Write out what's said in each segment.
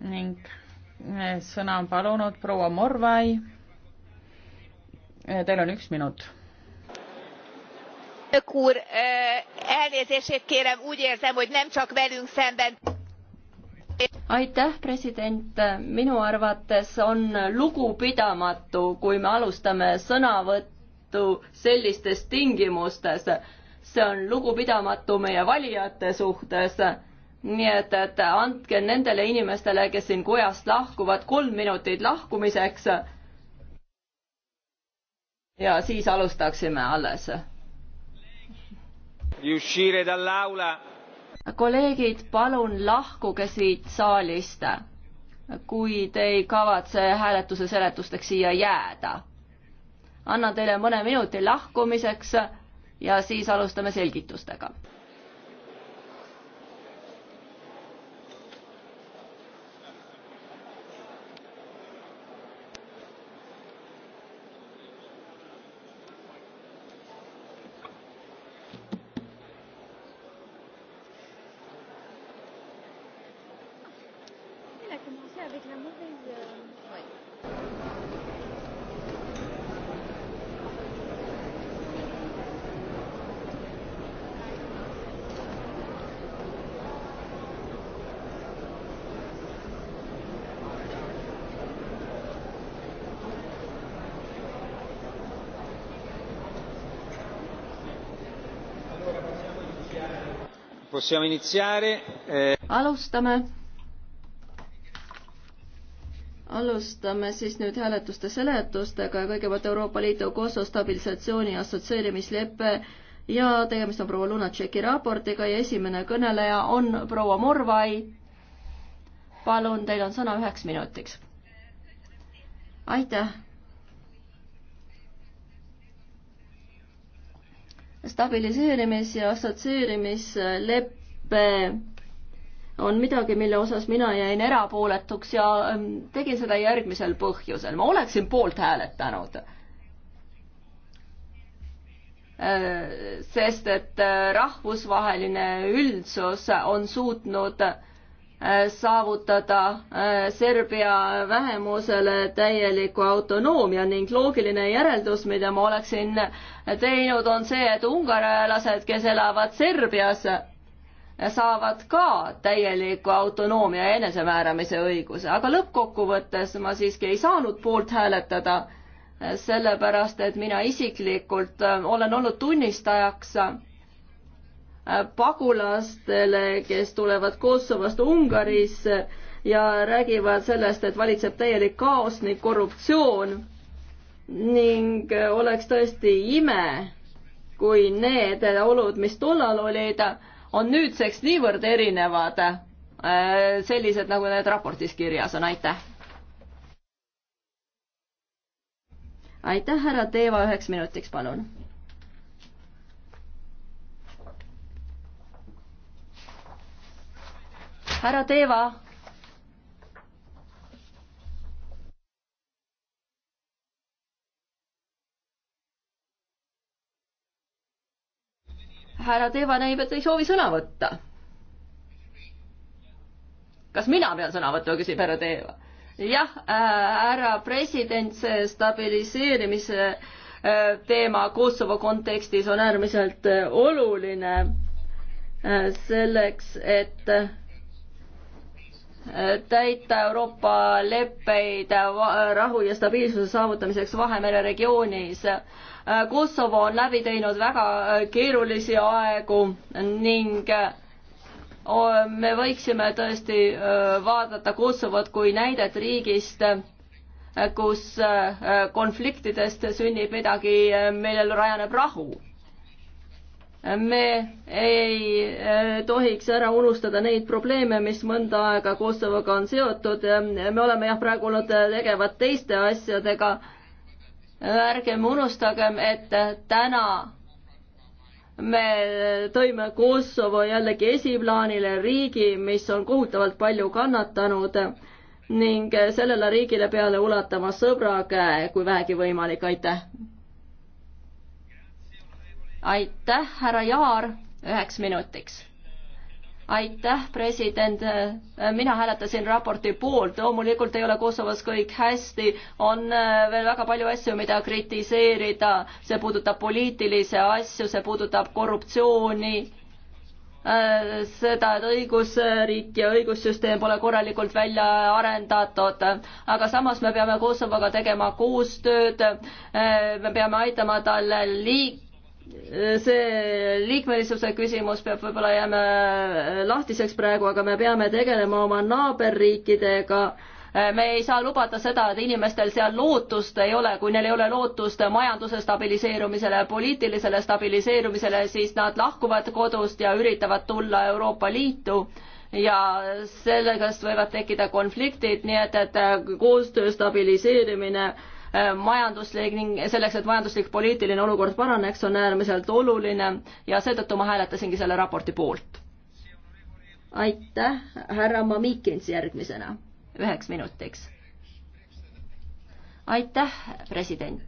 ning eh, sõna on palunud proua Morvai. Eh, teil on üks minut. Eh, aitäh, president, minu arvates on lugupidamatu, kui me alustame sõnavõttu sellistes tingimustes. see on lugupidamatu meie valijate suhtes nii et, et andke nendele inimestele, kes siin kojast lahkuvad, kolm minutit lahkumiseks. ja siis alustaksime alles. kolleegid, palun lahkuge siit saalist, kui te ei kavatse hääletuse seletusteks siia jääda. annan teile mõne minuti lahkumiseks ja siis alustame selgitustega Eh. alustame. alustame siis nüüd hääletuste seletustega ja kõigepealt Euroopa Liidu Kosovo stabilisatsiooni assotsieerimislepe ja tegemist on proua Lunatšeki raportiga ja esimene kõneleja on proua Morvai. palun, teil on sõna üheks minutiks. aitäh stabiliseerimis- ja assotsieerimisleppe on midagi, mille osas mina jäin erapooletuks ja ähm, tegin seda järgmisel põhjusel. ma oleksin poolt hääletanud. Äh, sest et äh, rahvusvaheline üldsus on suutnud Äh, saavutada äh, Serbia vähemusele täieliku autonoomia ning loogiline järeldus, mida ma oleksin teinud, on see, et ungarlased, kes elavad Serbias, saavad ka täieliku autonoomia ja enesemääramise õiguse, aga lõppkokkuvõttes ma siiski ei saanud poolt hääletada, äh, sellepärast et mina isiklikult olen olnud tunnistajaks pagulastele, kes tulevad Kosovost Ungarisse ja räägivad sellest, et valitseb täielik kaos ning korruptsioon. ning oleks tõesti ime, kui need olud, mis tollal olid, on nüüdseks niivõrd erinevad, äh, sellised, nagu need raportis kirjas on, aitäh. aitäh, härra Teeva, üheks minutiks, palun härra Teeva. härra Teeva näib, et ei soovi sõna võtta. kas mina pean sõna võtma, küsib härra Teeva. jah äh,, härra president, see stabiliseerimise äh, teema Kosovo kontekstis on äärmiselt äh, oluline äh, selleks, et täita Euroopa leppeid rahu ja stabiilsuse saavutamiseks Vahemere regioonis. Kosovo on läbi teinud väga keerulisi aegu ning me võiksime tõesti vaadata Kosovot kui näidet riigist, kus konfliktidest sünnib midagi, millel rajaneb rahu me ei eh, tohiks ära unustada neid probleeme, mis mõnda aega Kosovoga on seotud. me oleme jah, praegu olnud tegevad teiste asjadega. ärgem unustagem, et täna me tõime Kosovo jällegi esiplaanile riigi, mis on kohutavalt palju kannatanud ning sellele riigile peale ulatama sõbra käe, kui vähegi võimalik, aitäh! aitäh, härra Jaar, üheks minutiks. aitäh, president, mina hääletasin raporti poolt, loomulikult ei ole Kosovos kõik hästi, on äh, veel väga palju asju, mida kritiseerida, see puudutab poliitilisi asju, see puudutab korruptsiooni äh, seda, et õigusriik ja õigussüsteem pole korralikult välja arendatud. aga samas me peame Kosovoga tegema koostööd, äh, me peame aitama tal liik-, see liikmelisuse küsimus peab võib-olla jääma äh, lahtiseks praegu, aga me peame tegelema oma naaberriikidega. Äh, me ei saa lubada seda, et inimestel seal lootust ei ole, kui neil ei ole lootust majanduse stabiliseerumisele, poliitilisele stabiliseerumisele, siis nad lahkuvad kodust ja üritavad tulla Euroopa Liitu ja sellegast võivad tekkida konfliktid, nii et, et äh, koostöö stabiliseerimine äh, Äh, majanduslik ning selleks, et majanduslik poliitiline olukord paraneks, on äärmiselt oluline ja seetõttu ma hääletasingi selle raporti poolt. aitäh, härra Mamikins järgmisena, üheks minutiks. aitäh, president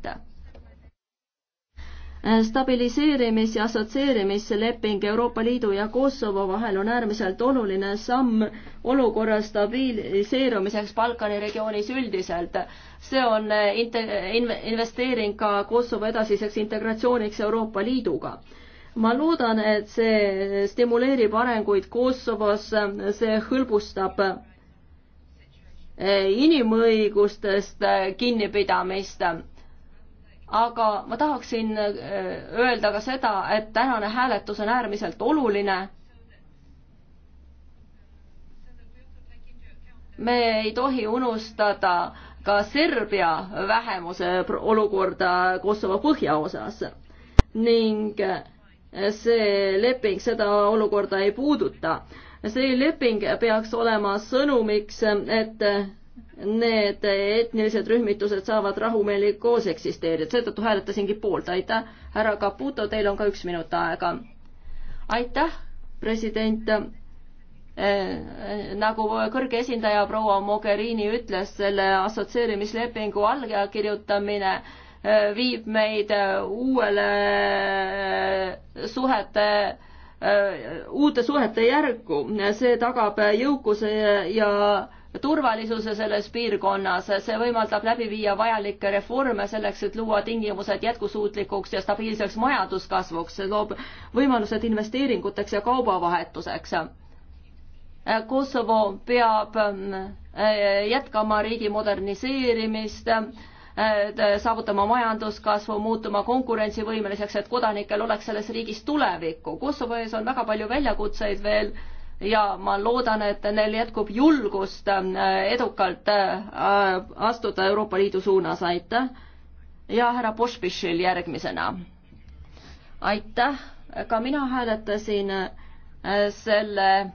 stabiliseerimis- ja assotsieerimisleping Euroopa Liidu ja Kosovo vahel on äärmiselt oluline samm olukorra stabiliseerumiseks Balkani regioonis üldiselt see on eh, investeering ka Kosovo edasiseks integratsiooniks Euroopa Liiduga. ma loodan, et see stimuleerib arenguid Kosovos, see hõlbustab eh, inimõigustest eh, kinnipidamist. aga ma tahaksin öelda ka seda, et tänane hääletus on äärmiselt oluline. me ei tohi unustada ka Serbia vähemuse olukorda Kosovo põhjaosas ning eh, see leping seda olukorda ei puuduta. see leping peaks olema sõnumiks, et eh, need etnilised rühmitused saavad rahumeeli koos eksisteerida, seetõttu hääletasingi poolt, aitäh. härra Caputo, teil on ka üks minut aega. aitäh, president Äh, nagu kõrge esindaja proua Mogherini ütles, selle assotsieerimislepingu allkirjutamine äh, viib meid äh, uuele suhete, uute suhete järku, see tagab jõukuse ja turvalisuse selles piirkonnas, see võimaldab läbi viia vajalikke reforme selleks, et luua tingimused jätkusuutlikuks ja stabiilseks majanduskasvuks, see loob võimalused investeeringuteks ja kaubavahetuseks Äh, Kosovo peab äh, jätkama riigi moderniseerimist, äh, saavutama majanduskasvu, muutuma konkurentsivõimeliseks, et kodanikel oleks selles riigis tulevikku. Kosovo ees on väga palju väljakutseid veel ja ma loodan, et neil jätkub julgust edukalt astuda Euroopa Liidu suunas, aitäh. ja härra Pospišil järgmisena. aitäh, ka mina hääletasin selle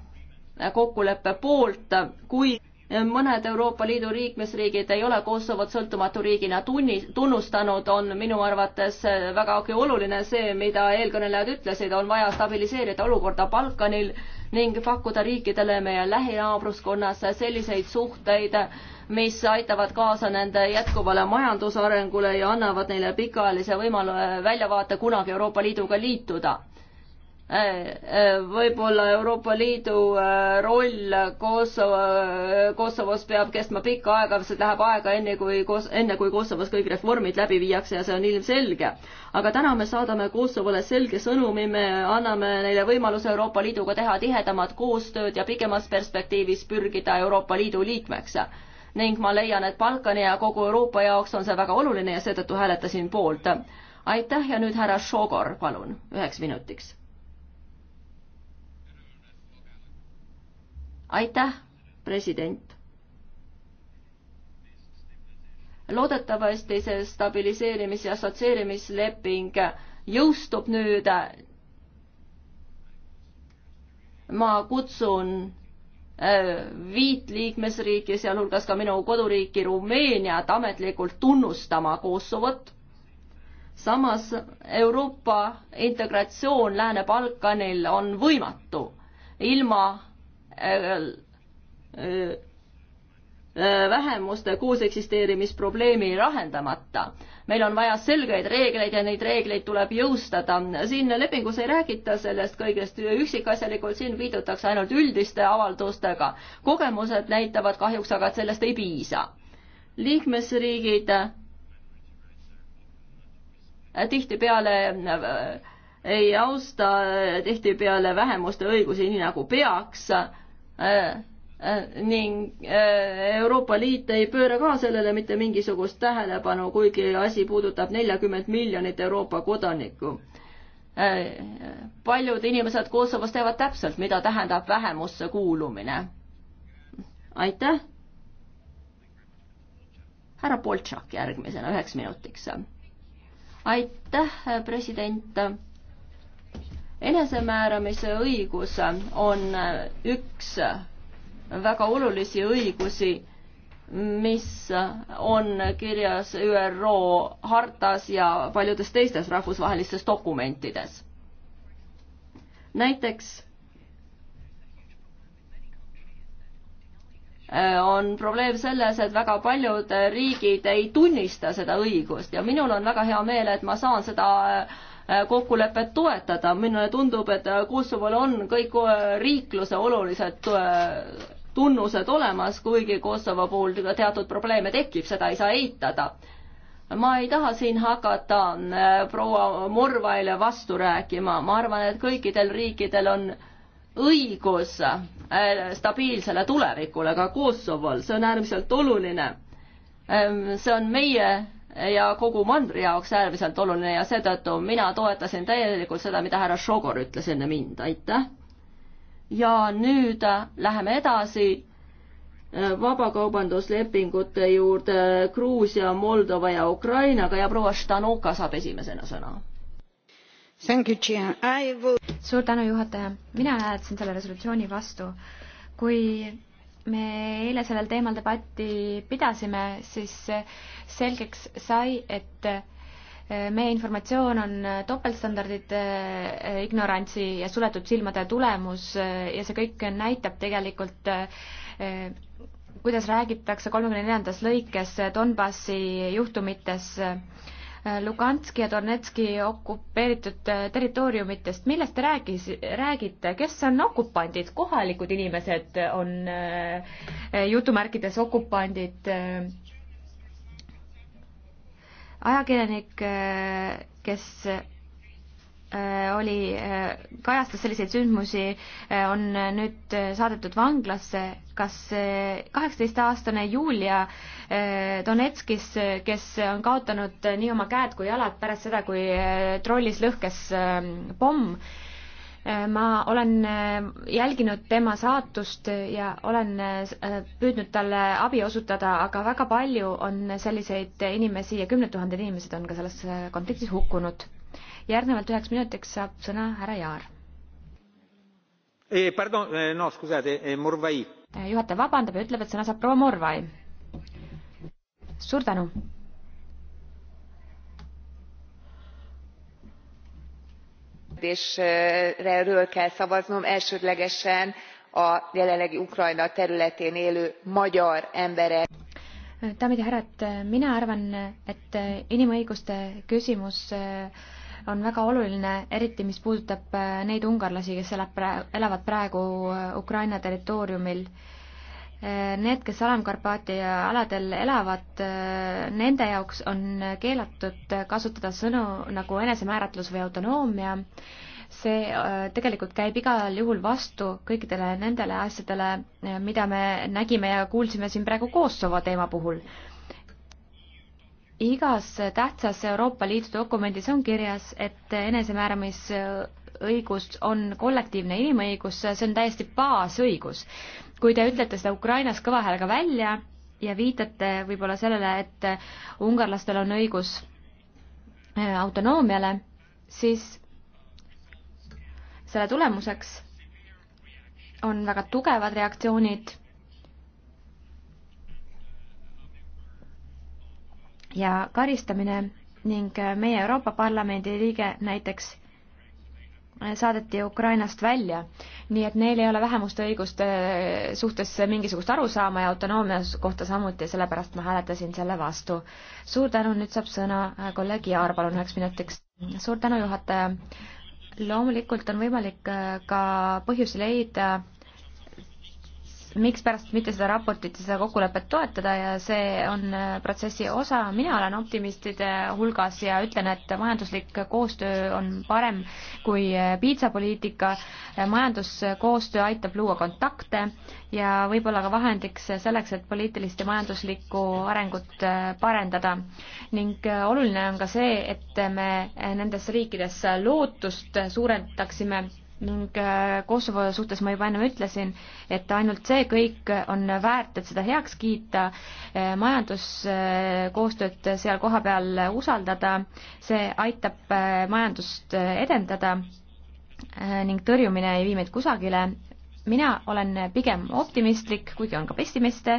kokkuleppe poolt, kui mõned Euroopa Liidu liikmesriigid ei ole Kosovot sõltumatu riigina tunni, tunnustanud, on minu arvates vägagi oluline see, mida eelkõnelejad ütlesid, on vaja stabiliseerida olukorda Balkanil ning pakkuda riikidele meie lähinaabruskonnas selliseid suhteid, mis aitavad kaasa nende jätkuvale majandusarengule ja annavad neile pikaajalise võimaluse väljavaate kunagi Euroopa Liiduga liituda võib-olla Euroopa Liidu äh, roll Kosovo, äh, Kosovos peab kestma pikka aega, see läheb aega enne kui, enne kui Kosovos kõik reformid läbi viiakse ja see on ilmselge. aga täna me saadame Kosovole selge sõnumi, me anname neile võimaluse Euroopa Liiduga teha tihedamat koostööd ja pikemas perspektiivis pürgida Euroopa Liidu liikmeks. ning ma leian, et Balkani ja kogu Euroopa jaoks on see väga oluline ja seetõttu hääletasin poolt. aitäh ja nüüd härra Šogor, palun, üheks minutiks aitäh, president. loodetavasti see stabiliseerimis- ja assotsieerimisleping jõustub nüüd. ma kutsun äh, viit liikmesriiki, sealhulgas ka minu koduriiki Rumeeniat ametlikult tunnustama Kosovot. samas Euroopa integratsioon Lääne-Balkanil on võimatu ilma Äh, äh, vähemuste koos eksisteerimisprobleemi lahendamata. meil on vaja selgeid reegleid ja neid reegleid tuleb jõustada. siin lepingus ei räägita sellest kõigest üksikasjalikult, siin viidatakse ainult üldiste avaldustega. kogemused näitavad kahjuks aga, et sellest ei piisa. liikmesriigid äh, tihtipeale ei austa tihtipeale vähemuste õigusi nii nagu peaks Äh, äh, ning äh, Euroopa Liit ei pööra ka sellele mitte mingisugust tähelepanu, kuigi asi puudutab neljakümmet miljonit Euroopa kodanikku. paljud inimesed Kosovos teavad täpselt, mida tähendab vähemusse kuulumine. aitäh. härra Boltšak järgmisena üheks minutiks. aitäh, president enesemääramise õigus on üks väga olulisi õigusi, mis on kirjas ÜRO hartas ja paljudes teistes rahvusvahelistes dokumentides. näiteks äh, on probleem selles, et väga paljud riigid ei tunnista seda õigust ja minul on väga hea meel, et ma saan seda äh, Äh, kokkulepet toetada. minule tundub, et äh, Kosovol on kõik äh, riikluse olulised tunnused olemas, kuigi Kosovo puhul teatud probleeme tekib, seda ei saa eitada ma ei taha siin hakata proua Morvaile vastu rääkima, ma arvan, et kõikidel riikidel on õigus stabiilsele tulevikule, ka Kosovol, see on äärmiselt oluline. Ähm, see on meie ja kogu mandri jaoks äärmiselt oluline ja seetõttu mina toetasin täielikult seda, mida härra Šogor ütles enne mind, aitäh. ja nüüd läheme edasi äh, vabakaubanduslepingute juurde äh, Gruusia, Moldova ja Ukrainaga ja proua Štanuka saab esimesena sõna. suur tänu, juhataja. mina hääletasin selle resolutsiooni vastu. kui me eile sellel teemal debatti pidasime, siis selgeks sai, et äh, meie informatsioon on äh, topeltstandardite äh, ignorantsi ja suletud silmade tulemus ja see kõik näitab tegelikult, kuidas räägitakse kolmekümne neljandas lõikes Donbassi juhtumites Äh, Luganski ja Donetski okupeeritud äh, territooriumitest, millest te räägis, räägite, kes on okupandid, kohalikud inimesed on äh, jutumärkides okupandid? ajakirjanik, kes Äh, oli, äh, kajastas selliseid sündmusi, äh, on nüüd saadetud vanglasse. kas kaheksateistaastane Julia Donetskis, kes on kaotanud nii oma käed kui jalad pärast seda, kui trollis lõhkes ähm, pomm, ma olen jälginud tema saatust ja olen püüdnud talle abi osutada, aga väga palju on selliseid inimesi ja kümned tuhanded inimesed on ka selles konfliktis hukkunud järgnevalt üheks minutiks saab sõna härra Jaar eh,. Pardon eh,, no scusate eh,, Morvai. Eh, juhataja vabandab ja ütleb, et sõna saab proua Morvai. suur tänu kérdésről kell szavaznom elsődlegesen a jelenlegi ukrajna területén élő magyar emberek. daamid ja härrad, mina arvan, et inimõiguste küsimus eh, on väga oluline, eriti mis puudutab äh, neid ungarlasi, kes elab praegu, elavad praegu äh, Ukraina territooriumil. Äh, need, kes Alamkarpaatia aladel elavad, nende jaoks on keelatud kasutada sõnu nagu enesemääratlus või autonoomia. see tegelikult käib igal juhul vastu kõikidele nendele asjadele, mida me nägime ja kuulsime siin praegu Kosovo teema puhul igas tähtsas Euroopa Liidu dokumendis on kirjas, et enesemääramisõigus on kollektiivne inimõigus, see on täiesti baasõigus. kui te ütlete seda Ukrainas kõva häälega välja ja viitate võib-olla sellele, et ungarlastel on õigus äh, autonoomiale, siis selle tulemuseks on väga tugevad reaktsioonid ja karistamine ning äh, meie Euroopa Parlamendi liige näiteks äh, saadeti Ukrainast välja, nii et neil ei ole vähemuste õiguste äh, suhtes mingisugust arusaama ja autonoomia kohta samuti ja sellepärast ma hääletasin selle vastu. suur tänu, nüüd saab sõna kolleeg Jaar, palun üheks minutiks. suur tänu, juhataja. loomulikult on võimalik ka põhjusi leida mikspärast mitte seda raportit ja seda kokkulepet toetada ja see on äh, protsessi osa. mina olen optimistide hulgas ja ütlen, et majanduslik koostöö on parem kui äh, piitsapoliitika. Äh, majanduskoostöö aitab luua kontakte ja võib-olla ka vahendiks selleks, et poliitilist ja majanduslikku arengut parendada. ning oluline on ka see, et me nendes riikides lootust suurendaksime ning äh, Kosovo suhtes ma juba ennem ütlesin, et ainult see kõik on väärt, et seda heaks kiita, äh, majanduskoostööd äh, seal kohapeal usaldada, see aitab majandust edendada ning tõrjumine ei vii meid kusagile. mina olen pigem optimistlik, kuigi on ka pessimiste,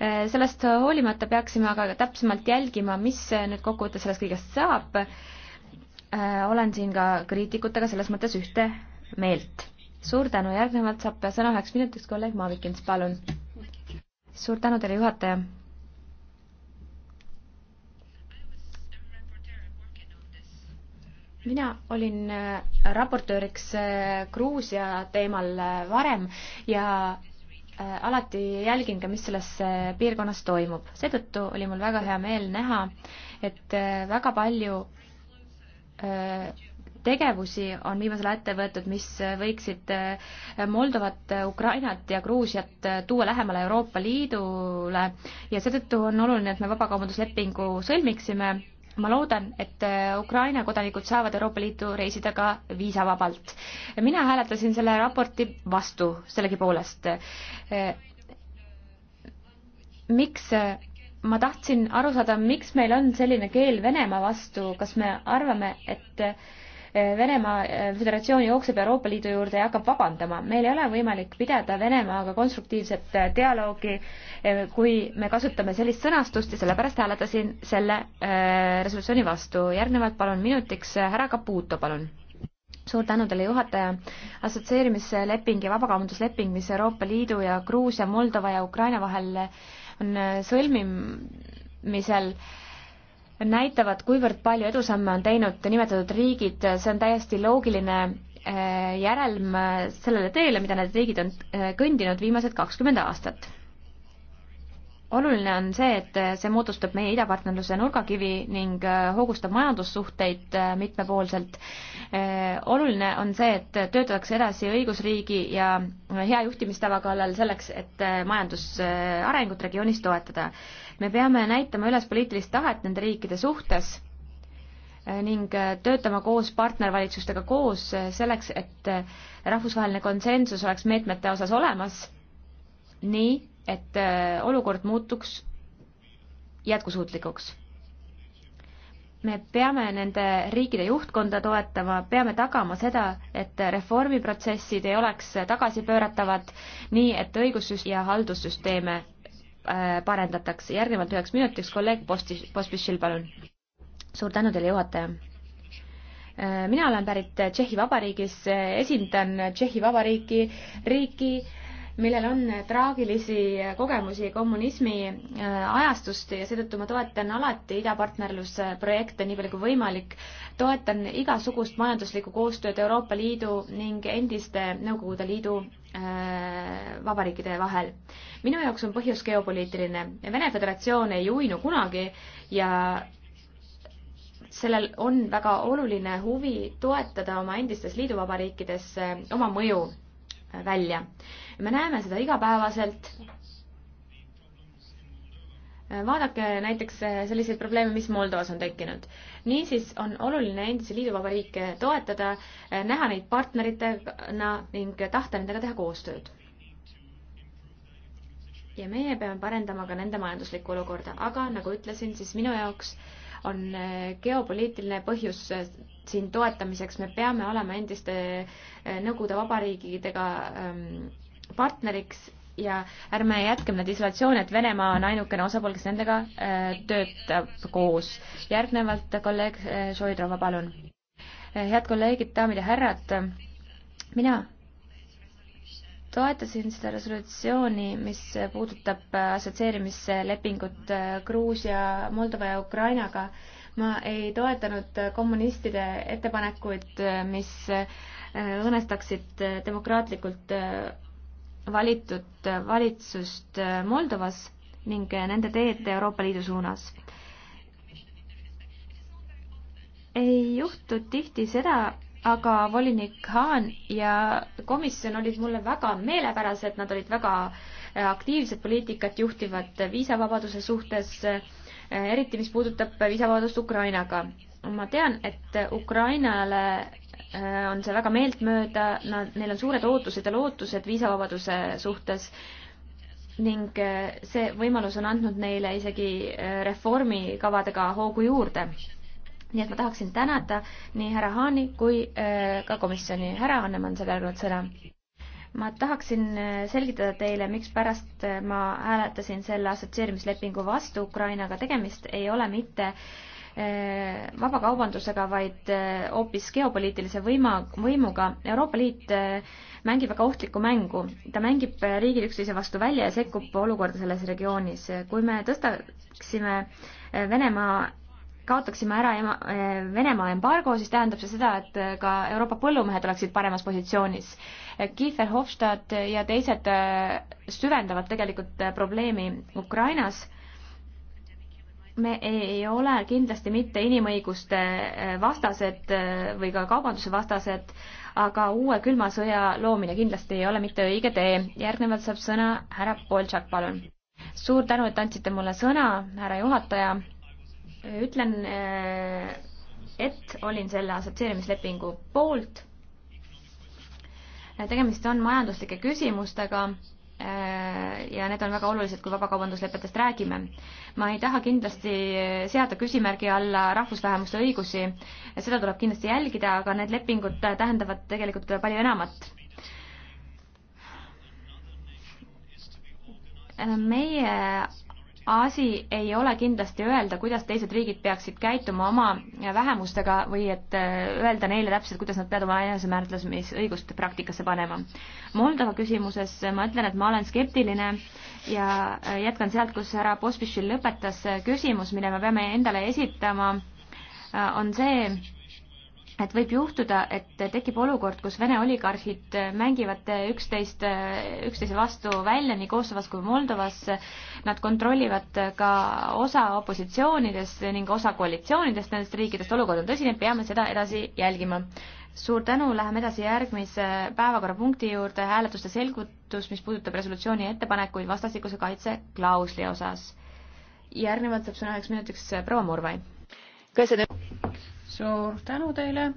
sellest hoolimata peaksime aga täpsemalt jälgima, mis nüüd kokkuvõttes sellest kõigest saab, olen siin ka kriitikutega selles mõttes ühte meelt. suur tänu, järgnevalt saab sõna üheks minutiks kolleeg Maavikins, palun. suur tänu teile, juhataja. mina olin äh, raportööriks äh, Gruusia teemal äh, varem ja alati jälgin ka, mis selles piirkonnas toimub. seetõttu oli mul väga hea meel näha, et väga palju tegevusi on viimasel ajal ette võetud, mis võiksid äh, Moldovat, äh, Ukrainat ja Gruusiat äh, tuua lähemale Euroopa Liidule ja seetõttu on oluline, et me vabakaubanduslepingu sõlmiksime ma loodan, et Ukraina kodanikud saavad Euroopa Liitu reisida ka viisavabalt. mina hääletasin selle raporti vastu sellegipoolest. miks ma tahtsin aru saada, miks meil on selline keel Venemaa vastu, kas me arvame, et Venemaa eh, Föderatsioon jookseb Euroopa Liidu juurde ja hakkab vabandama. meil ei ole võimalik pidada Venemaaga konstruktiivset eh, dialoogi, eh, kui me kasutame sellist sõnastust ja sellepärast hääletasin selle resolutsiooni vastu. järgnevalt palun minutiks härra Caputo, palun suur tänu teile, juhataja. assotsieerimisleping ja vabakaubandusleping, mis Euroopa Liidu ja Gruusia, Moldova ja Ukraina vahel on sõlmimisel äh, näitavad, kuivõrd palju edusamme on teinud nimetatud riigid, see on täiesti loogiline äh, järelm sellele teele, mida need riigid on äh, kõndinud viimased kakskümmend aastat oluline on see, et see moodustab meie idapartnerluse nurgakivi ning äh, hoogustab majandussuhteid äh, mitmepoolselt. Äh, oluline on see, et töötatakse edasi õigusriigi ja hea juhtimistava kallal selleks, et majandusarengut regioonis toetada. me peame näitama üles poliitilist tahet nende riikide suhtes ning töötama koos partnervalitsustega koos selleks, et rahvusvaheline konsensus oleks meetmete osas olemas, nii et äh, olukord muutuks jätkusuutlikuks. me peame nende riikide juhtkonda toetama, peame tagama seda, et reformiprotsessid ei oleks tagasipööratavad, nii et õigussüst- ja haldussüsteeme äh, parendatakse. järgnevalt üheks minutiks kolleeg Posti-, Pospišil, palun. suur tänu teile, juhataja äh, mina olen pärit Tšehhi Vabariigis, esindan Tšehhi Vabariiki, riiki, millel on traagilisi kogemusi kommunismi äh, ajastust ja seetõttu ma toetan alati idapartnerluse projekte nii palju kui võimalik. toetan igasugust majanduslikku koostööd Euroopa Liidu ning endiste Nõukogude Liidu äh, vabariikide vahel. minu jaoks on põhjus geopoliitiline. Vene Föderatsioon ei uinu kunagi ja sellel on väga oluline huvi toetada oma endistes liiduvabariikides äh, oma mõju välja me näeme seda igapäevaselt. Äh, vaadake näiteks äh, selliseid probleeme, mis Moldovas on tekkinud. niisiis on oluline endisi liiduvabariike toetada, äh, näha neid partneritena ning tahta nendega teha koostööd ja meie peame parendama ka nende majanduslikku olukorda, aga nagu ütlesin, siis minu jaoks on geopoliitiline põhjus siin toetamiseks, me peame olema endiste Nõukogude vabariigidega ähm, partneriks ja ärme jätkem nad isolatsiooni, et Venemaa on ainukene osapool, kes nendega äh, töötab koos. järgnevalt kolleeg äh, Šoidrova, palun. Äh, head kolleegid, daamid ja härrad, mina toetasin seda resolutsiooni, mis puudutab assotsieerimislepingut Gruusia, Moldova ja Ukrainaga. ma ei toetanud kommunistide ettepanekuid, mis õõnestaksid demokraatlikult valitud valitsust Moldovas ning nende teed Euroopa Liidu suunas. ei juhtu tihti seda, aga volinik Haan ja komisjon olid mulle väga meelepärased, nad olid väga aktiivsed poliitikat juhtivad viisavabaduse suhtes, eriti mis puudutab viisavabadust Ukrainaga. ma tean, et Ukrainale Äh, on see väga meeltmööda, nad, neil on suured ootused ja lootused viisavabaduse suhtes ning äh, see võimalus on andnud neile isegi äh, reformikavadega hoogu juurde. nii et ma tahaksin tänada nii härra Haani kui ka komisjoni. härra Annemann, sa järgnevalt sõna. ma tahaksin selgitada teile, mikspärast ma hääletasin selle assotsieerimislepingu vastu Ukrainaga. tegemist ei ole mitte äh, Eh, vabakaubandusega, vaid eh, hoopis geopoliitilise võima, võimuga. Euroopa Liit eh, mängib väga ohtlikku mängu. ta mängib riigid üksteise vastu välja ja sekkub olukorda selles regioonis. kui me tõstaksime Venemaa kaotaksime ära ema, Venemaa embargo, siis tähendab see seda, et ka Euroopa põllumehed oleksid paremas positsioonis. Kiefer Hofstad ja teised süvendavad tegelikult probleemi Ukrainas me ei ole kindlasti mitte inimõiguste äh, vastased äh, või ka kaubanduse vastased, aga uue külma sõja loomine kindlasti ei ole mitte õige tee. järgnevalt saab sõna härra Boltšak, palun. suur tänu, et andsite mulle sõna, härra juhataja. ütlen, äh, et olin selle assotsieerimislepingu poolt. tegemist on majanduslike küsimustega Äh, ja need on väga olulised, kui vabakaubanduslepetest räägime. ma ei taha kindlasti seada küsimärgi alla rahvusvähemuste õigusi, seda tuleb kindlasti jälgida, aga need lepingud tähendavad tegelikult palju enamat. Äh, meie asi ei ole kindlasti öelda, kuidas teised riigid peaksid käituma oma vähemustega või et äh, öelda neile täpselt, kuidas nad peavad oma enesemääratlemisõigust praktikasse panema. Moldova küsimuses ma ütlen, et ma olen skeptiline ja äh, jätkan sealt, kus härra Pospišil lõpetas. Äh, küsimus, mille me peame endale esitama, on see, et võib juhtuda, et tekib olukord, kus Vene oligarhid mängivad üksteist, üksteise vastu välja nii Kosovos kui Moldovas. Nad kontrollivad ka osa opositsioonidest ning osa koalitsioonidest nendest riikidest. olukord on tõsine, peame seda edasi jälgima. suur tänu, läheme edasi järgmise päevakorrapunkti juurde, hääletuste selgitus, mis puudutab resolutsiooni ettepanekuid vastastikuse kaitse klausli osas. järgnevalt saab sõna üheks minutiks proua Murvai suur tänu teile.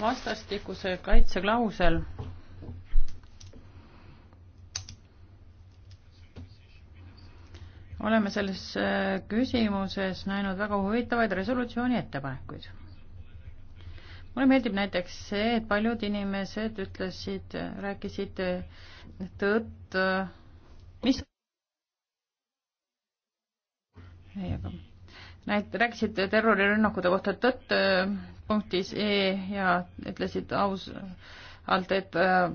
vastastikuse kaitseklausel. oleme selles äh, küsimuses näinud väga huvitavaid resolutsiooni ettepanekuid. mulle meeldib näiteks see, et paljud inimesed ütlesid, rääkisid äh, tõtt, äh, mis meiega näit-, rääkisid terrorirünnakute kohta tõtt punktis E ja ütlesid ausalt, et äh,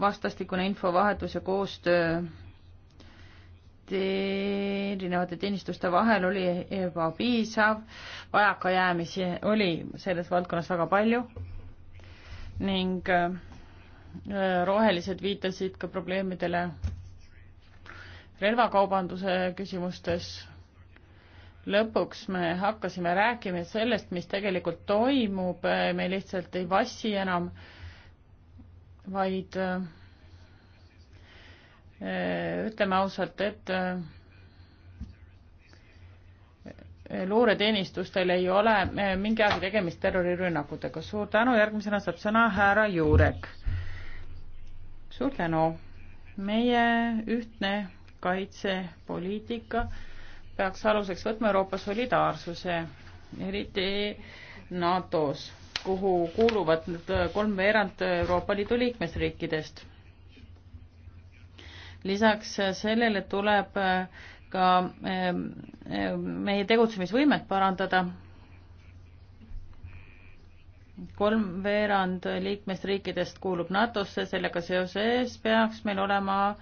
vastastikune infovahetus ja koostöö erinevate teenistuste vahel oli ebapiisav, vajakajäämisi oli selles valdkonnas väga palju ning äh, rohelised viitasid ka probleemidele relvakaubanduse küsimustes lõpuks me hakkasime rääkima sellest, mis tegelikult toimub, eh, me lihtsalt ei vassi enam, vaid eh, ütleme ausalt, et eh, luureteenistustel ei ole mingi aeg tegemist terrorirünnakutega. suur tänu, järgmisena saab sõna härra Juurek. suur tänu. meie ühtne kaitsepoliitika peaks aluseks võtma Euroopa solidaarsuse, eriti NATO-s, kuhu kuuluvad nüüd kolmveerand Euroopa Liidu liikmesriikidest. lisaks sellele tuleb ka ehm, ehm, meie tegutsemisvõimet parandada. kolmveerand liikmesriikidest kuulub NATO-sse, sellega seoses peaks meil olema äh,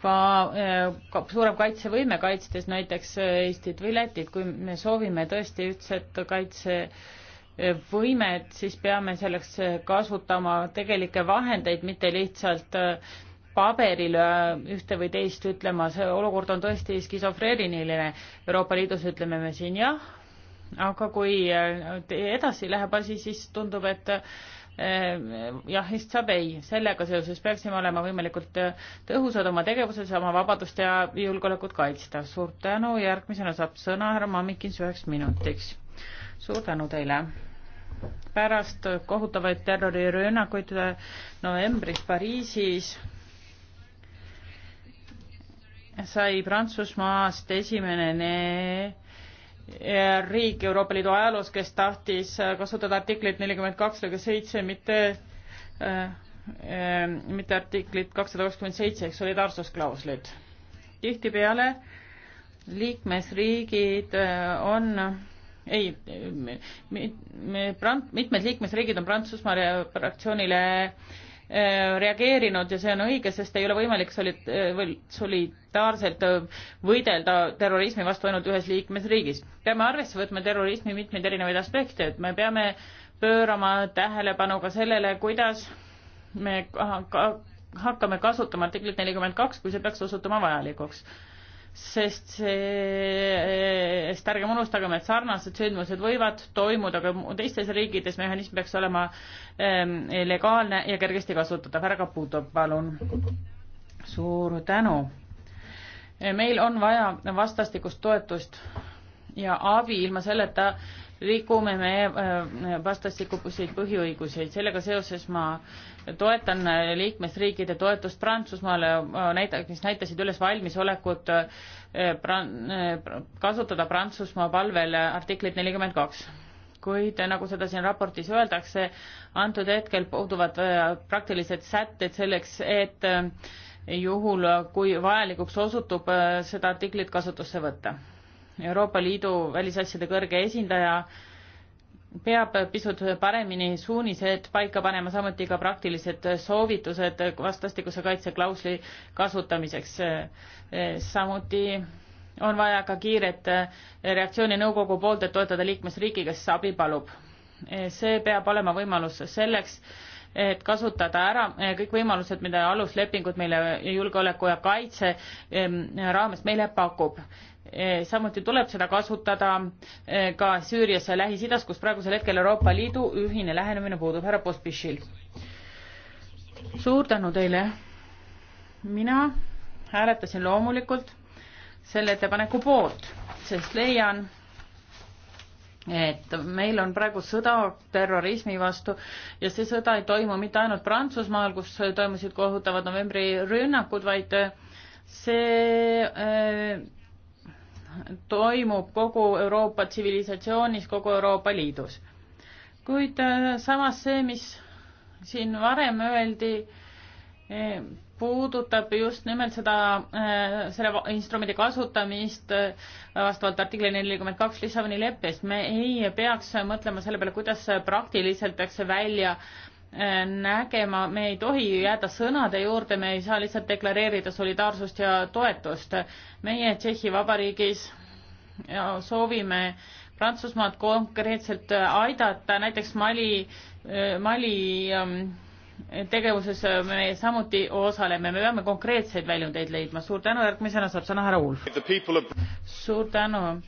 ka, eh, ka suurem kaitsevõime, kaitstes näiteks eh, Eestit või Lätit, kui me soovime tõesti ühtset kaitsevõimet, siis peame selleks eh, kasutama tegelikke vahendeid, mitte lihtsalt paberil ühte või teist ütlema, see olukord on tõesti skisofreeniline. Euroopa Liidus ütleme me siin jah, aga kui edasi läheb asi, siis tundub, et Ehm, jahist saab ei, sellega seoses peaksime olema võimalikult äh, tõhusad oma tegevuses, oma vabadust ja julgeolekut kaitsta. suur tänu, järgmisena saab sõna härra Mamikins üheks minutiks. suur tänu teile. pärast kohutavaid terrorirünnakuid äh, novembris Pariisis sai Prantsusmaast esimene riik Euroopa Liidu ajaloos, kes tahtis kasutada artiklit nelikümmend kaks lõige seitse, mitte äh, äh, mitte artiklit kakssada kakskümmend seitse ehk solidaarsusklauslit. tihtipeale liikmesriigid äh, on ei, me, me, me, mitmed liikmesriigid on Prantsusmaa reaktsioonile äh, Äh, reageerinud ja see on õige, sest ei ole võimalik solid-, äh, solidaarselt äh, võidelda terrorismi vastu ainult ühes liikmesriigis. peame arvesse võtma terrorismi mitmeid erinevaid aspekte, et me peame pöörama tähelepanu ka sellele, kuidas me hakkame kasutama artiklit nelikümmend kaks, kui see peaks osutuma vajalikuks sest see, sest ärgem unustagem, et sarnased sündmused võivad toimuda ka teistes riikides, mehhanism peaks olema ähm, legaalne ja kergesti kasutatav. härra Caputo, palun. suur tänu. meil on vaja vastastikust toetust ja abi, ilma selleta äh, rikume me äh, vastastikuseid põhiõiguseid. sellega seoses ma toetan äh, liikmesriikide toetust Prantsusmaale, äh, näida-, mis näitasid üles valmisolekut kasutada Prantsusmaa palvel artiklit nelikümmend kaks kuid nagu seda siin raportis öeldakse, antud hetkel puuduvad praktilised sätted selleks, et juhul, kui vajalikuks osutub, seda artiklit kasutusse võtta Euroopa Liidu välisasjade kõrge esindaja peab pisut paremini suunised paika panema, samuti ka praktilised soovitused vastastikuse kaitse klausli kasutamiseks. samuti on vaja ka kiiret reaktsiooni nõukogu poolt, et toetada liikmesriiki, kes abi palub. see peab olema võimalus selleks, et kasutada ära kõik võimalused, mida aluslepingud meile julgeoleku ja kaitse ehm, raames meile pakub. Eh, samuti tuleb seda kasutada eh, ka Süürias ja Lähis-Idas, kus praegusel hetkel Euroopa Liidu ühine lähenemine puudub. härra Pospišil. suur tänu teile. mina hääletasin loomulikult selle ettepaneku poolt, sest leian, et meil on praegu sõda terrorismi vastu ja see sõda ei toimu mitte ainult Prantsusmaal, kus toimusid kohutavad novembri rünnakud, vaid see eh, toimub kogu Euroopa tsivilisatsioonis, kogu Euroopa Liidus. kuid äh, samas see, mis siin varem öeldi, äh, puudutab just nimelt seda, äh, selle instrumendi kasutamist vastavalt artikli nelikümmend kaks Lissaboni leppest. me ei peaks mõtlema selle peale, kuidas praktiliselt peaks see välja äh, nägema, me ei tohi jääda sõnade juurde, me ei saa lihtsalt deklareerida solidaarsust ja toetust. meie Tšehhi Vabariigis soovime Prantsusmaad konkreetselt aidata, näiteks Mali, Mali ähm, tegevuses me samuti osaleme, me peame konkreetseid väljundeid leidma. suur tänu, järgmisena saab sõna härra Ulf. suur tänu.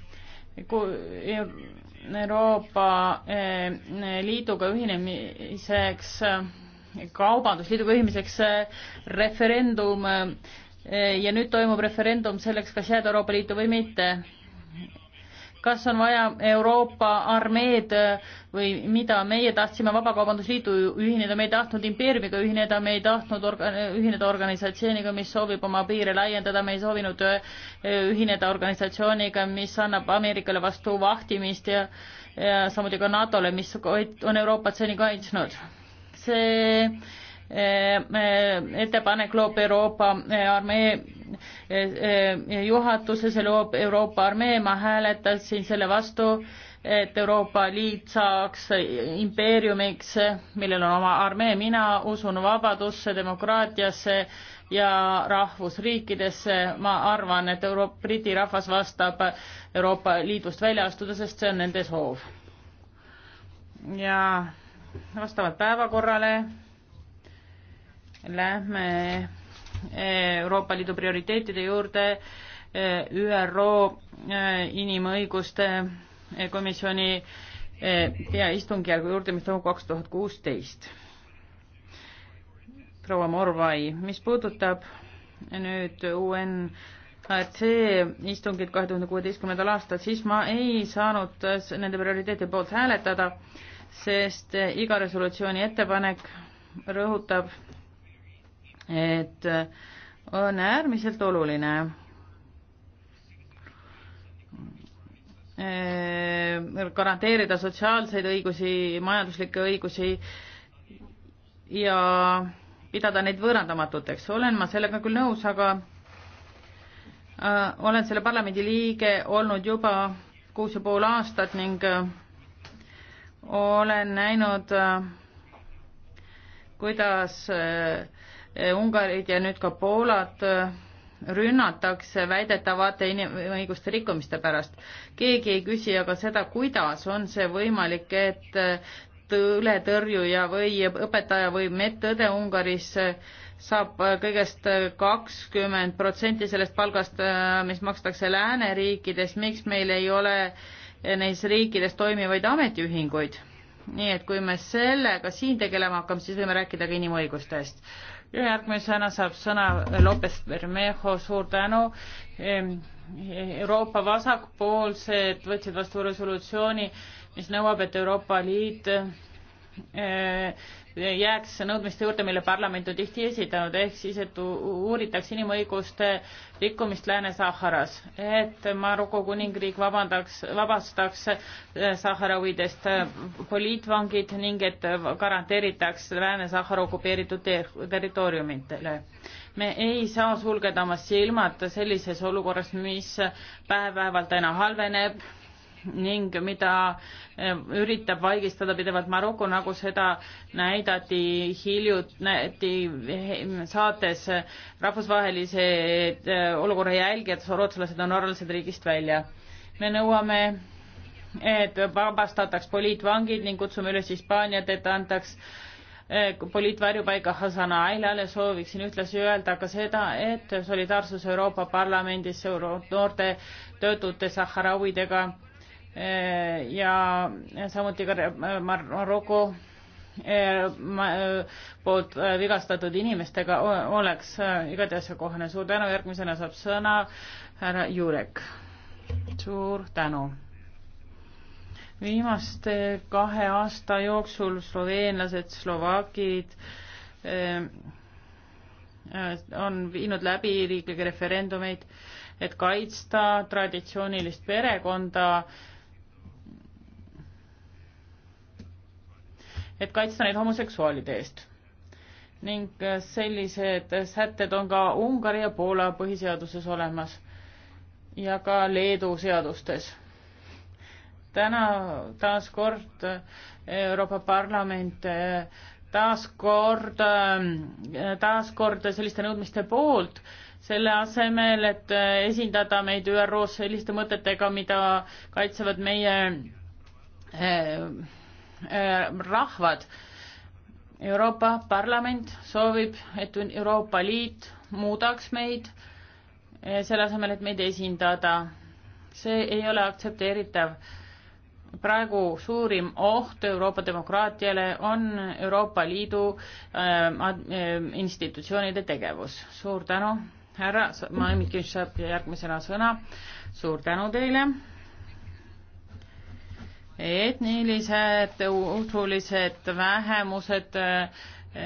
Euroopa eh, Liiduga ühinemiseks, kaubandusliiduga ühinemiseks eh, referendum eh, ja nüüd toimub referendum selleks, kas jääda Euroopa Liitu või mitte kas on vaja Euroopa armeed äh, või mida, meie tahtsime Vabakaubandusliidu ühineda, me ei tahtnud impeeriumiga ühineda, me ei tahtnud orga-, ühineda organisatsiooniga, mis soovib oma piire laiendada, me ei soovinud äh, ühineda organisatsiooniga, mis annab Ameerikale vastu vahtimist ja, ja samuti ka NATO-le, mis on Euroopat seni kaitsnud. see Eh, eh, ettepanek loob Euroopa eh, armee juhatuse, see loob Euroopa armee, ma hääletasin selle vastu, et Euroopa Liit saaks impeeriumiks, millel on oma armee, mina usun vabadusse, demokraatiasse ja rahvusriikidesse, ma arvan, et Euroopa, Briti rahvas vastab Euroopa Liidust välja astuda, sest see on nende soov. ja vastavalt päevakorrale Lähme eh, Euroopa Liidu prioriteetide juurde eh, ÜRO eh, inimõiguste komisjoni peaistungjärgu juurde, mis toimub kaks tuhat kuusteist. proua Morvai, mis puudutab nüüd UNHC istungit kahe tuhande kuueteistkümnendal aastal, siis ma ei saanud nende prioriteetide poolt hääletada, sest iga resolutsiooni ettepanek rõhutab et on äärmiselt oluline eh, garanteerida sotsiaalseid õigusi, majanduslikke õigusi ja pidada neid võõrandamatuteks. olen ma sellega küll nõus, aga äh, olen selle parlamendi liige olnud juba kuus ja pool aastat ning äh, olen näinud, äh, kuidas äh, Eh, Ungarit ja nüüd ka Poolat eh, rünnatakse väidetavate inimõiguste rikkumiste pärast. keegi ei küsi aga seda, kuidas on see võimalik, et eh, õletõrjuja või õpetaja või medõde Ungaris saab kõigest kakskümmend protsenti sellest palgast, mis makstakse lääneriikides, miks meil ei ole neis riikides toimivaid ametiühinguid? nii et kui me sellega siin tegelema hakkame, siis võime rääkida ka inimõigustest järgmisena saab sõna Lopez Bermejo, suur tänu. Euroopa vasakpoolsed võtsid vastu resolutsiooni, mis nõuab, et Euroopa Liit Äh, jääks nõudmiste juurde, mille parlament on tihti esitanud, ehk siis, et uuritaks inimõiguste rikkumist Lääne-Saharas, et Maroko kuningriik vabandaks, vabastaks äh, Saharavidest äh, poliitvangid ning et garanteeritaks Lääne-Sahara okupeeritud ter territooriumitele. me ei saa sulgeda oma silmad sellises olukorras, mis päev-päevalt aina halveneb ning mida eh, üritab vaigistada pidevalt Maroko, nagu seda näidati hiljuti saates rahvusvahelised eh, olukorra jälgijad, rootslased on norralased riigist välja. me nõuame et vabastataks poliitvangid ning kutsume üles Hispaaniat, et antaks eh, poliitvarjupaiga Hasana Ailale sooviksin ühtlasi öelda ka seda, et solidaarsus Euroopa Parlamendis noorte töötute Sahharavidega Äh, ja samuti ka äh, Maroko äh, poolt vigastatud inimestega oleks igati asjakohane. suur tänu, järgmisena saab sõna härra Jurek. suur tänu. viimaste kahe aasta jooksul sloveenlased, slovaakid on viinud läbi riiklikke referendumeid, et kaitsta traditsioonilist perekonda et kaitsta neid homoseksuaalide eest. ning äh, sellised sätted on ka Ungari ja Poola põhiseaduses olemas ja ka Leedu seadustes. täna taas kord äh, Euroopa Parlament äh, taas kord, taas kord selliste nõudmiste poolt selle asemel, et esindada meid ÜRO-s selliste mõtetega, mida kaitsevad meie Äh, rahvad. Euroopa Parlament soovib, et Euroopa Liit muudaks meid, äh, selle asemel, et meid esindada. see ei ole aktsepteeritav. praegu suurim oht Euroopa demokraatiale on Euroopa Liidu äh, institutsioonide tegevus. suur tänu, härra, ma järgmisena sõna. suur tänu teile etnilised, usulised vähemused,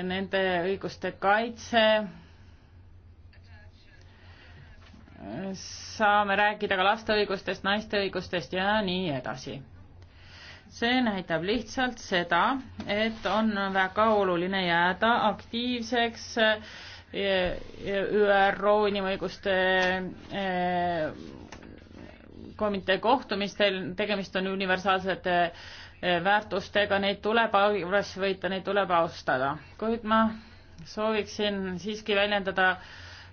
nende õiguste kaitse. saame rääkida ka laste õigustest, naiste õigustest ja nii edasi. see näitab lihtsalt seda, et on väga oluline jääda aktiivseks eh, eh, ÜRO inimõiguste eh, komitee kohtumistel, tegemist on universaalsete eh, väärtustega, neid tuleb arvesse võita, neid tuleb austada. kuid ma sooviksin siiski väljendada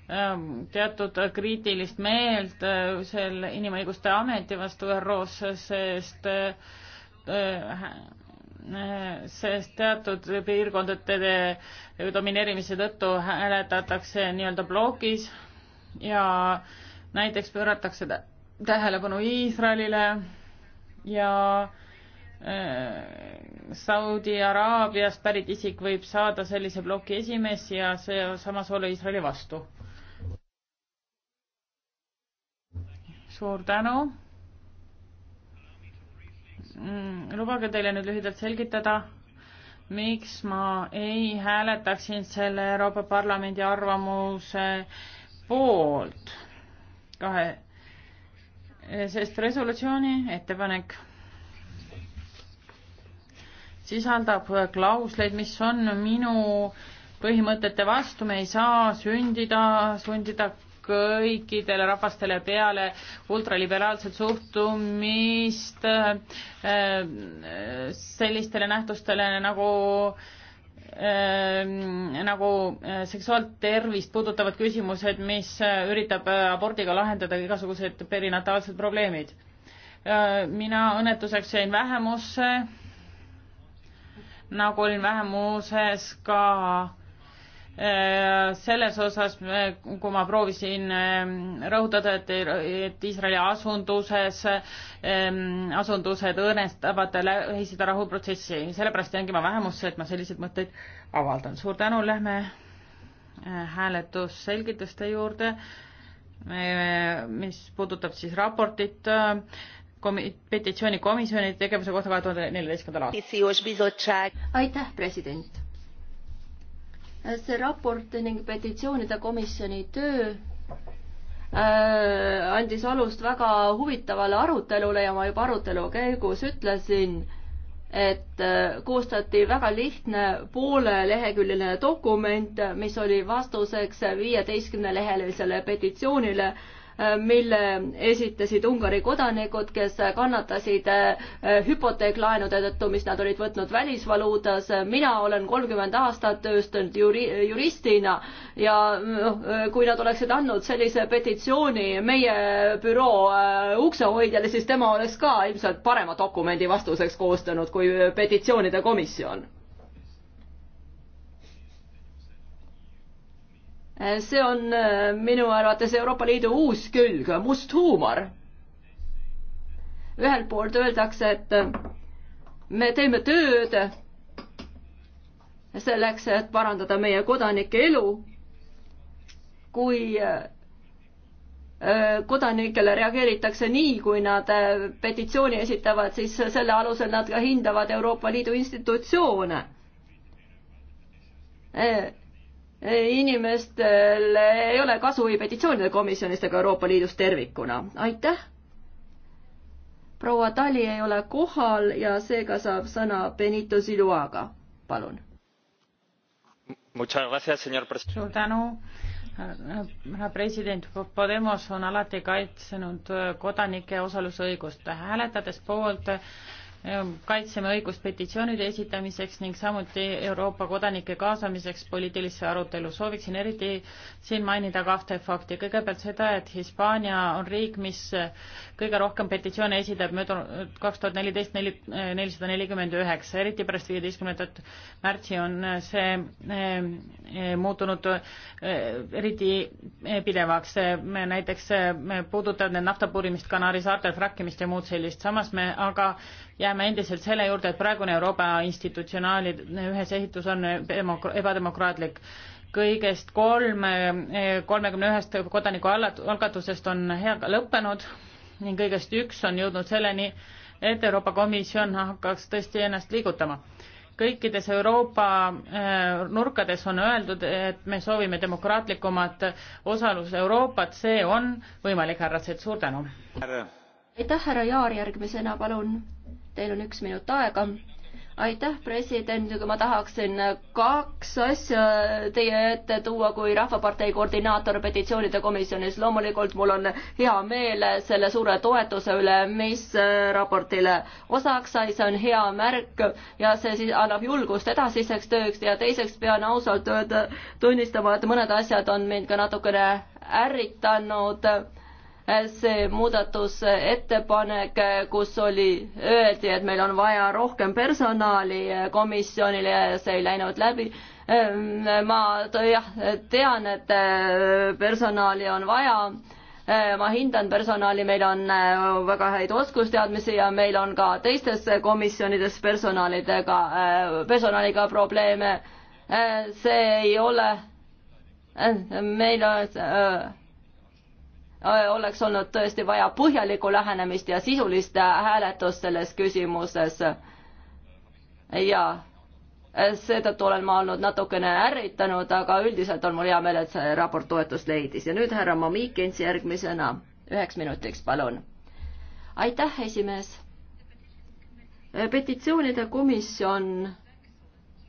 ähm, teatud kriitilist meelt äh, selle inimõiguste ameti vastu ÜRO-s, sest äh, äh, sest teatud piirkondade domineerimise tõttu hääletatakse nii-öelda blogis ja näiteks pööratakse tähelepanu Iisraelile ja äh, Saudi Araabiast pärit isik võib saada sellise ploki esimees ja see samas olla Iisraeli vastu. suur tänu. Mm, lubage teile nüüd lühidalt selgitada, miks ma ei hääletaksin selle Euroopa Parlamendi arvamuse poolt kahe Eh, sest resolutsiooni ettepanek sisaldab eh, klausleid, mis on minu põhimõtete vastu, me ei saa sündida, sundida kõikidele rahvastele peale ultraliberaalset suhtumist eh, sellistele nähtustele nagu äh, Ehm, nagu eh, seksuaaltervist puudutavad küsimused, mis eh, üritab eh, abordiga lahendada igasugused perinataalsed probleemid. Ehm, mina õnnetuseks jäin vähemusse, nagu olin vähemuses ka Äh, selles osas, äh, kui ma proovisin äh, rõhutada, et, et Iisraeli asunduses, ähm, asundused õõnestavad Lähis-Ida rahuprotsessi, sellepärast jäängi ma vähemusse, et ma selliseid mõtteid avaldan. suur tänu, lähme hääletusselgituste juurde, mis puudutab siis raportit komi-, petitsioonikomisjoni tegevuse kohta kahe tuhande neljateistkümnendal aastal. aitäh, president see raport ning petitsioonide komisjoni töö äh, andis alust väga huvitavale arutelule ja ma juba arutelu käigus ütlesin, et äh, koostati väga lihtne pooleleheküljeline dokument, mis oli vastuseks viieteistkümnelehelisele petitsioonile mille esitasid Ungari kodanikud, kes kannatasid äh, hüpoteeklaenude tõttu, mis nad olid võtnud välisvaluutas. mina olen kolmkümmend aastat tööstanud juri, juristina ja äh, kui nad oleksid andnud sellise petitsiooni meie büroo äh, uksehoidjale, siis tema oleks ka ilmselt parema dokumendi vastuseks koostanud kui petitsioonide komisjon see on äh, minu arvates Euroopa Liidu uus külg, must huumor. ühelt poolt öeldakse, et äh, me teeme tööd selleks, et parandada meie kodanike elu. kui äh, kodanikele reageeritakse nii, kui nad petitsiooni esitavad, siis selle alusel nad ka hindavad Euroopa Liidu institutsioone inimestel ei ole kasu ei petitsioonide komisjonist ega Euroopa Liidust tervikuna. aitäh! proua Tali ei ole kohal ja seega saab sõna Benito Siluaga, palun. suur tänu, härra president, Podemos on alati kaitsnud kodanike osalusõigust, hääletades poolt kaitseme õigust petitsioonide esitamiseks ning samuti Euroopa kodanike kaasamiseks poliitilisse arutelu. sooviksin eriti siin mainida kahte fakti. kõigepealt seda, et Hispaania on riik, mis kõige rohkem petitsioone esitab möödunud kaks tuhat neliteist neli, nelisada nelikümmend üheksa, eriti pärast viieteistkümnendat märtsi on see eh, muutunud eh, eriti pidevaks. me näiteks eh, puudutavad need nafta puurimist Kanaari saartel, frakkimist ja muud sellist. samas me aga jääme endiselt selle juurde, et praegune Euroopa institutsionaalne ühesehitus on ebademokraatlik. kõigest kolm kolmekümne ühest kodanikualgatusest on hea lõppenud ning kõigest üks on jõudnud selleni, et Euroopa Komisjon hakkaks tõesti ennast liigutama kõikides Euroopa äh, nurkades on öeldud, et me soovime demokraatlikumat osalus Euroopat, see on võimalik, härrased, suur tänu. aitäh, härra Jaar, järgmisena palun teil on üks minut aega. aitäh, president, ma tahaksin kaks asja teie ette tuua kui Rahvapartei koordinaator petitsioonide komisjonis. loomulikult mul on hea meel selle suure toetuse üle, mis äh, raportile osaks sai, see on hea märk ja see siis annab julgust edasiseks tööks ja teiseks pean ausalt öelda, tunnistama, et mõned asjad on mind ka natukene ärritanud see muudatusettepanek, kus oli, öeldi, et meil on vaja rohkem personali komisjonile ja see ei läinud läbi. ma jah, tean, et äh, personali on vaja äh, ma hindan personali, meil on äh, väga häid oskusteadmisi ja meil on ka teistes komisjonides personalidega, personaliga probleeme. see ei ole, meil on Äh, oleks olnud tõesti vaja põhjalikku lähenemist ja sisulist äh, hääletust selles küsimuses. ja äh, seetõttu olen ma olnud natukene ärritanud, aga üldiselt on mul hea meel, et see raport toetust leidis ja nüüd härra Mamikens järgmisena üheks minutiks, palun. aitäh, esimees. petitsioonide komisjon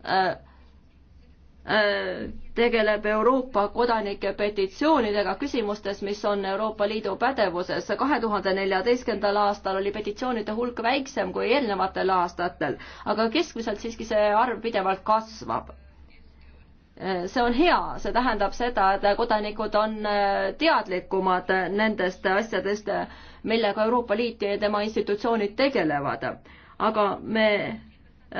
äh, tegeleb Euroopa kodanike petitsioonidega küsimustes, mis on Euroopa Liidu pädevuses. kahe tuhande neljateistkümnendal aastal oli petitsioonide hulk väiksem kui eelnevatel aastatel, aga keskmiselt siiski see arv pidevalt kasvab. see on hea, see tähendab seda, et kodanikud on teadlikumad nendest asjadest, millega Euroopa Liit ja tema institutsioonid tegelevad. aga me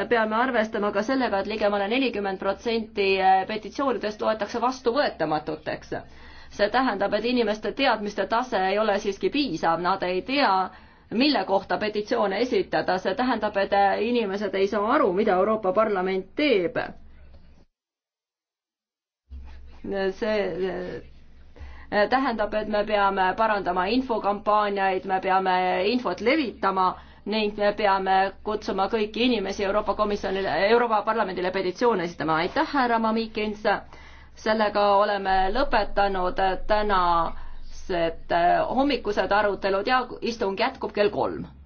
peame arvestama ka sellega et, et ligemale nelikümmend protsenti äh, petitsioonidest loetakse vastuvõetamatuteks. see tähendab, et inimeste teadmiste tase ei ole siiski piisav, nad ei tea, mille kohta petitsioone esitada, see tähendab, et äh, inimesed ei saa aru, mida Euroopa Parlament teeb. see äh, tähendab, et me peame parandama infokampaaniaid, me peame infot levitama ning me peame kutsuma kõiki inimesi Euroopa Komisjonile, Euroopa Parlamendile petitsioone esitama. aitäh, härra Mamikins. sellega oleme lõpetanud tänased hommikused arutelud ja istung jätkub kell kolm